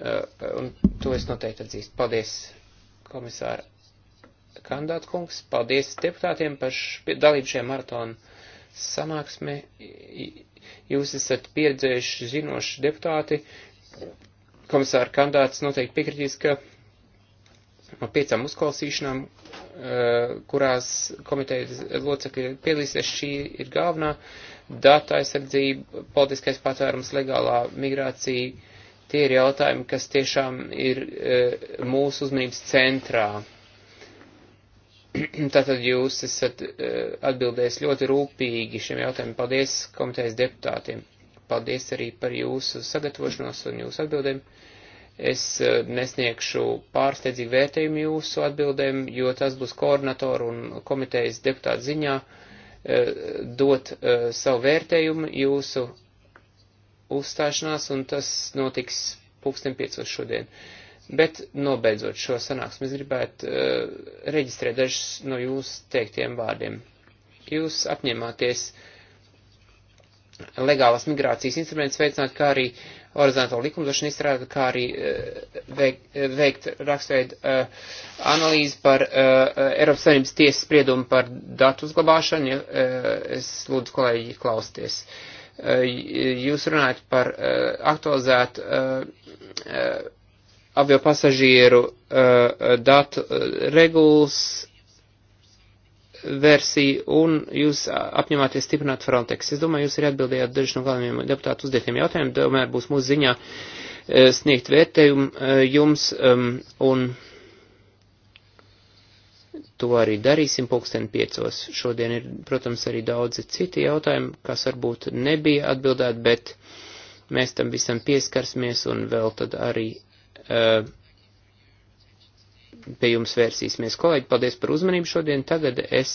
Eh, un to es noteikti atzīstu. Paldies, komisāra kandidāta kungs, paldies deputātiem par dalību šajā maratonu sanāksmē. Jūs esat pieredzējuši zinoši deputāti. Komisāra kandidāts noteikti piekritīs, ka no piecām uzklausīšanām, eh, kurās komitejas locekļi piedalīsies, šī ir galvenā data aizsardzība, politiskais patvērums, legālā migrācija Tie ir jautājumi, kas tiešām ir e, mūsu uzmanības centrā. Tātad jūs esat e, atbildējis ļoti rūpīgi šiem jautājumiem. Paldies komitejas deputātiem. Paldies arī par jūsu sagatavošanos un jūsu atbildēm. Es e, nesniegšu pārsteidzīgu vērtējumu jūsu atbildēm, jo tas būs koordinatoru un komitejas deputātu ziņā dot savu vērtējumu jūsu uzstāšanās, un tas notiks pulksten piecos šodien. Bet nobeidzot šo sanāksmi, es gribētu uh, reģistrēt dažus no jūsu teiktiem vārdiem. Jūs apņēmāties legālas migrācijas instrumentus veicināt, kā arī horizontālu likumdošanu izstrādāt, kā arī uh, veikt, veikt rakstveidu uh, analīzi par uh, Eiropas Savienības tiesas spriedumu par datu uzglabāšanu. Ja, uh, es lūdzu kolēģi klausties. Uh, Jūs runājat par eh, aktualizētu eh, eh, avio pasažieru datu regulas versiju un jūs apņematies stiprināt Frontex. Es domāju, jūs arī atbildējāt dažu no galvenajiem deputātu uzdotiem jautājumiem, domāju, būs mūsu ziņā sniegt vērtējumu jums um, un. Um, To arī darīsim pulksten piecos. Šodien ir, protams, arī daudzi citi jautājumi, kas varbūt nebija atbildēti, bet mēs tam visam pieskarsimies un vēl tad arī uh, pie jums vērsīsimies. Kolēģi, paldies par uzmanību šodien. Tagad es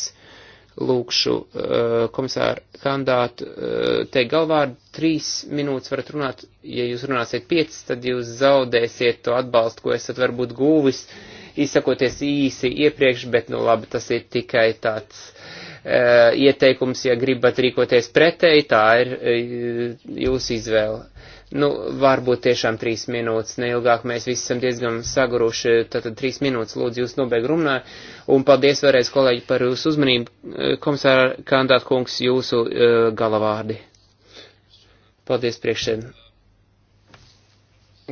lūkšu uh, komisāru kandātu uh, eh, teikt galvārdu. Trīs minūtes varat runāt. Ja jūs runāsiet piecas, tad jūs zaudēsiet to atbalstu, ko esat varbūt guvis. Uh, izsakoties īsi iepriekš, bet nu labi, tas ir tikai tāds uh, ieteikums, ja gribat rīkoties pretēji, tā ir uh, jūsu izvēle. Nu, varbūt tiešām trīs minūtes, neilgāk mēs visi esam diezgan saguruši, tātad trīs minūtes lūdzu jūs nobeig runā, un paldies vēlreiz kolēģi par jūsu uzmanību, eh, komisāra kandāt kungs, jūsu uh, galavārdi. Paldies priekšēm.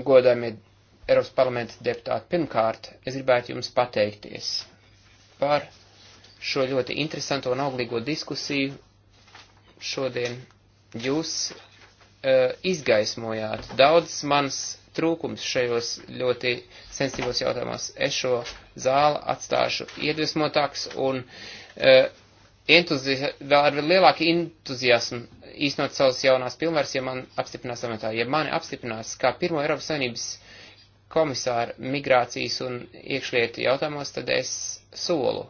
Godājumie Eiropas parlamenta deputāti, pirmkārt, es gribētu jums pateikties par šo ļoti interesanto un auglīgo diskusiju šodien. Jūs uh, izgaismojāt daudz mans trūkums šajos ļoti sensitīvos jautājumos. Es šo zāli atstāšu iedvesmotāks un e, uh, vēl ar lielāku entuziasmu īstenot savas jaunās pilnvaras, ja man apstiprinās amatā. Ja mani apstiprinās kā pirmo Eiropas Savienības komisāru migrācijas un iekšlietu jautājumos, tad es solu,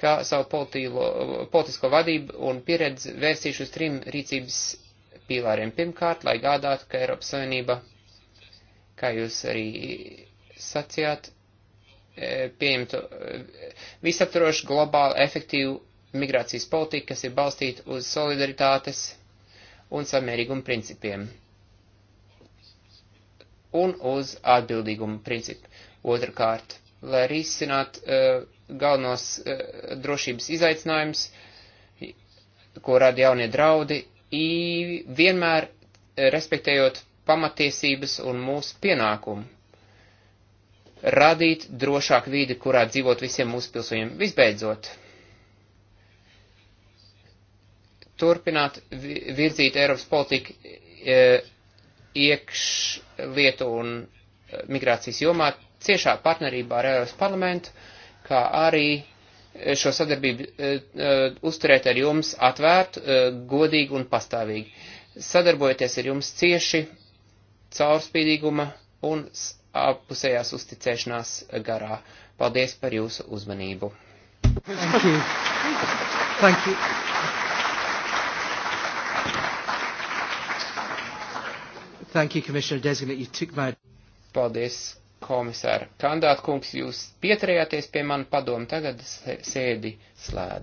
ka savu politīlo, politisko vadību un pieredzi vērsīšu uz trim rīcības pīlāriem. Pirmkārt, lai gādātu, ka Eiropas Savienība, kā jūs arī sacījāt, e, pieņemtu e, visaptvarošu globālu efektīvu migrācijas politiku, kas ir balstīta uz solidaritātes un samērīgumu principiem un uz atbildīgumu principu. Otrakārt, lai risinātu uh, eh, galvenos uh, drošības izaicinājumus, ko rada jaunie draudi, i, vienmēr eh, respektējot pamatiesības un mūsu pienākumu radīt drošāku vidi, kurā dzīvot visiem mūsu pilsoņiem. Visbeidzot, turpināt virzīt Eiropas politiku e, iekšlietu un eh, migrācijas jomā ciešā partnerībā ar Eiropas parlamentu, kā arī eh, šo sadarbību uh, uzturēt ar jums atvērt, uh, godīgi un pastāvīgi. Sadarbojoties ar jums cieši, caurspīdīguma un apusējās uzticēšanās garā. Paldies par jūsu uzmanību. Thank you. Thank you. Thank you, Commissioner Designate. You took my... Paldies, komisāra. Kandāt kungs, jūs pieturējāties pie manu padomu, tagad sēdi slēdz.